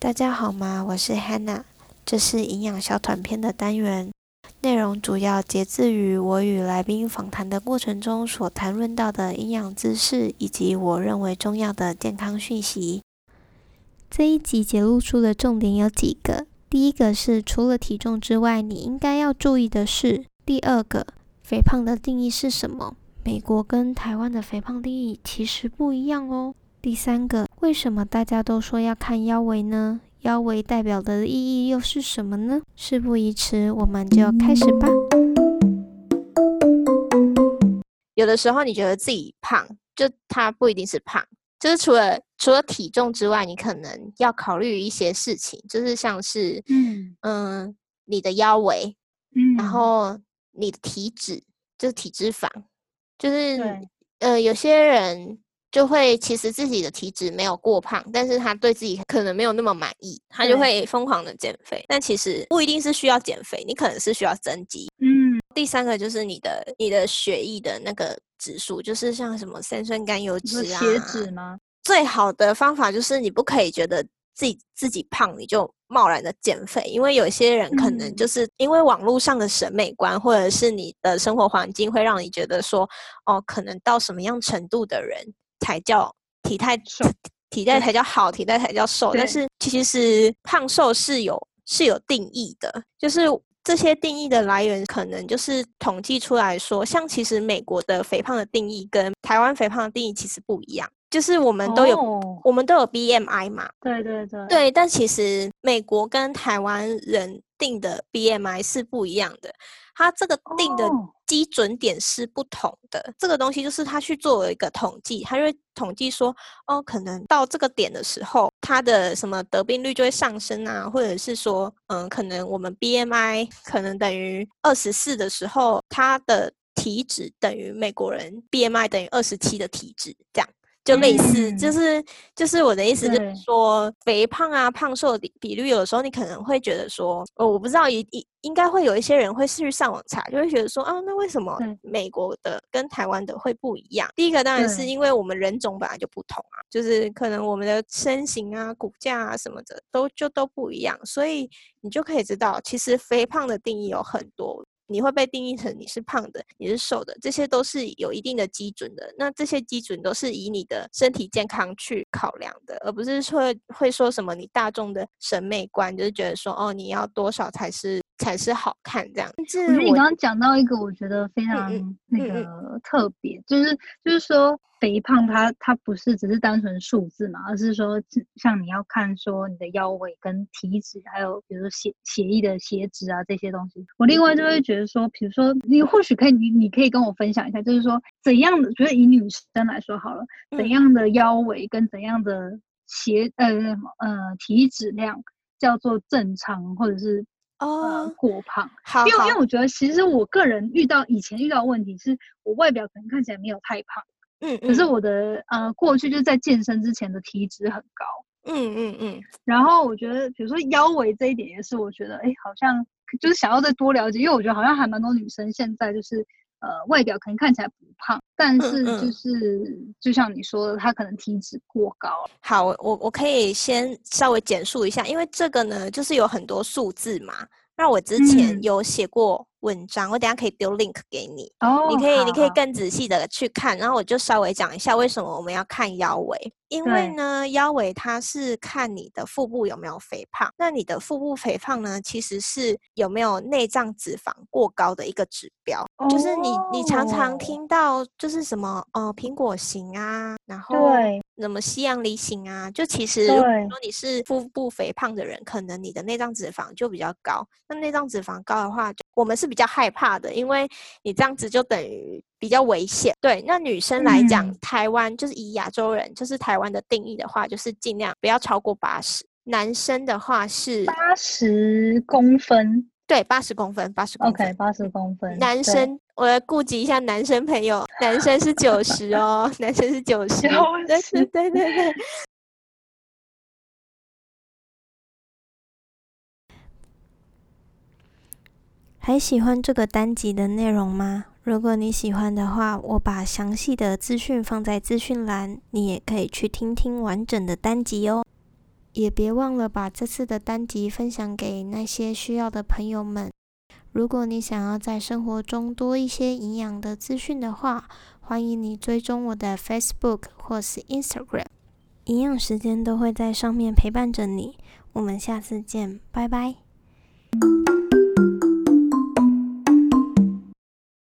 大家好嗎？我是 Hannah，這是營養小短片的單元，內容主要截自於我與來賓訪談的過程中所談論到的營養知識以及我認為重要的健康訊息。這一集揭露出的重點有幾個，第一個是除了體重之外，你應該要注意的事；第二個，肥胖的定義是什麼？美國跟台灣的肥胖定義其實不一樣哦。第三個，為什麼大家都說要看腰圍呢？腰圍代表的意義又是什麼呢？事不宜遲，我們就要開始吧。有的時候，你覺得自己胖，就它不一定是胖，就是除了除了體重之外，你可能要考慮一些事情，就是像是嗯、呃、你的腰圍、嗯，然後你的體脂，就是體脂肪，就是呃有些人。就會其實自己的體脂沒有過胖，但是他對自己可能沒有那麼滿意，他就會瘋狂的減肥。但其實不一定是需要減肥，你可能是需要增肌。嗯，第三個就是你的你的血液的那個指數，就是像什麼三酸甘油脂啊。血脂嗎？最好的方法就是你不可以覺得自己自己胖，你就貿然的減肥，因為有些人可能就是因為網絡上的審美觀，或者是你的生活環境會讓你覺得說，哦，可能到什麼樣程度的人。才叫體態，體態才叫好，體態才叫瘦。但是其實胖瘦是有是有定義的，就是這些定義的來源可能就是統計出來說，像其實美國的肥胖的定義跟台灣肥胖的定義其實不一樣，就是我們都有、哦、我們都有 BMI 嘛，對對對，對，但其實美國跟台灣人定的 BMI 是不一樣的，他這個定的。哦基準點是不同的，這個東西就是他去做一個統計，他就會統計說，哦，可能到這個點的時候，他的什麼得病率就會上升啊，或者是說，嗯、呃，可能我們 BMI 可能等於二十四的時候，他的體脂等於美國人 BMI 等於二十七的體脂這樣。就類似，就是就是我的意思，就是說肥胖啊，胖瘦的比率，有的時候你可能會覺得說，哦，我不知道，一一應該會有一些人會去上網查，就會覺得說，啊，那為什麼美國的跟台灣的會不一樣？第一個當然是因為我們人種本來就不同啊，就是可能我們的身形啊、骨架啊什麼的都就都不一樣，所以你就可以知道，其實肥胖的定義有很多。你會被定義成你是胖的，你是瘦的，這些都是有一定的基準的。那這些基準都是以你的身體健康去考量的，而不是說會，會說什麼你大眾的審美觀，就是覺得說哦，你要多少才是。才是好看這樣。可是你剛剛講到一個，我覺得非常嗯嗯那個特別，嗯嗯，就是就是說肥胖它，它它不是只是單純數字嘛，而是說像你要看說你的腰圍跟體脂，還有比如說血、血液的血脂啊這些東西。我另外就會覺得說，比如說你或許可以，你你可以跟我分享一下，就是說怎樣的，就是以女生來說好了，怎樣的腰圍跟怎樣的血呃呃體脂量叫做正常，或者是。哦、oh. 呃，過胖，因為因為我覺得其實我個人遇到以前遇到的問題是我外表可能看起來沒有太胖，嗯，嗯，可是我的呃過去就是在健身之前的體脂很高，嗯嗯嗯，然後我覺得比如說腰圍這一點也是我覺得哎、欸、好像就是想要再多了解，因為我覺得好像還蠻多女生現在就是。呃，外表可能看起來不胖，但是就是嗯嗯就像你說的，他可能體脂過高。好，我我我可以先稍微簡述一下，因為這個呢，就是有很多數字嘛。那我之前有寫過文章，嗯、我等一下可以丟 link 給你，oh, 你可以你可以更仔細的去看。然後我就稍微講一下為什麼我們要看腰圍，因為呢，腰圍它是看你的腹部有沒有肥胖，那你的腹部肥胖呢，其實是有沒有內臟脂肪過高的一個指標，oh. 就是你你常常聽到就是什麼哦、呃、蘋果型啊，然後。對什麼西洋梨形啊？就其實，如果你是腹部肥胖的人，可能你的內臟脂肪就比較高。那內臟脂肪高的話就，我們是比較害怕的，因為你這樣子就等於比較危險。對，那女生來講、嗯，台灣就是以亞洲人，就是台灣的定義的話，就是盡量不要超過八十。男生的話是八十公分。對，八十公分，八十公分。OK，八十公分。男生，我要顧及一下男生朋友，男生是九十哦！ 男生是九十哦，對對對。對 還喜歡這個單集的內容嗎？如果你喜歡的話，我把詳細的資訊放在資訊欄，你也可以去聽聽完整的單集哦。也別忘了把這次的單集分享給那些需要的朋友們。如果你想要在生活中多一些營養的資訊的話，歡迎你追蹤我的 Facebook 或是 Instagram，營養食間都會在上面陪伴着你。我們下次見，拜拜。嗯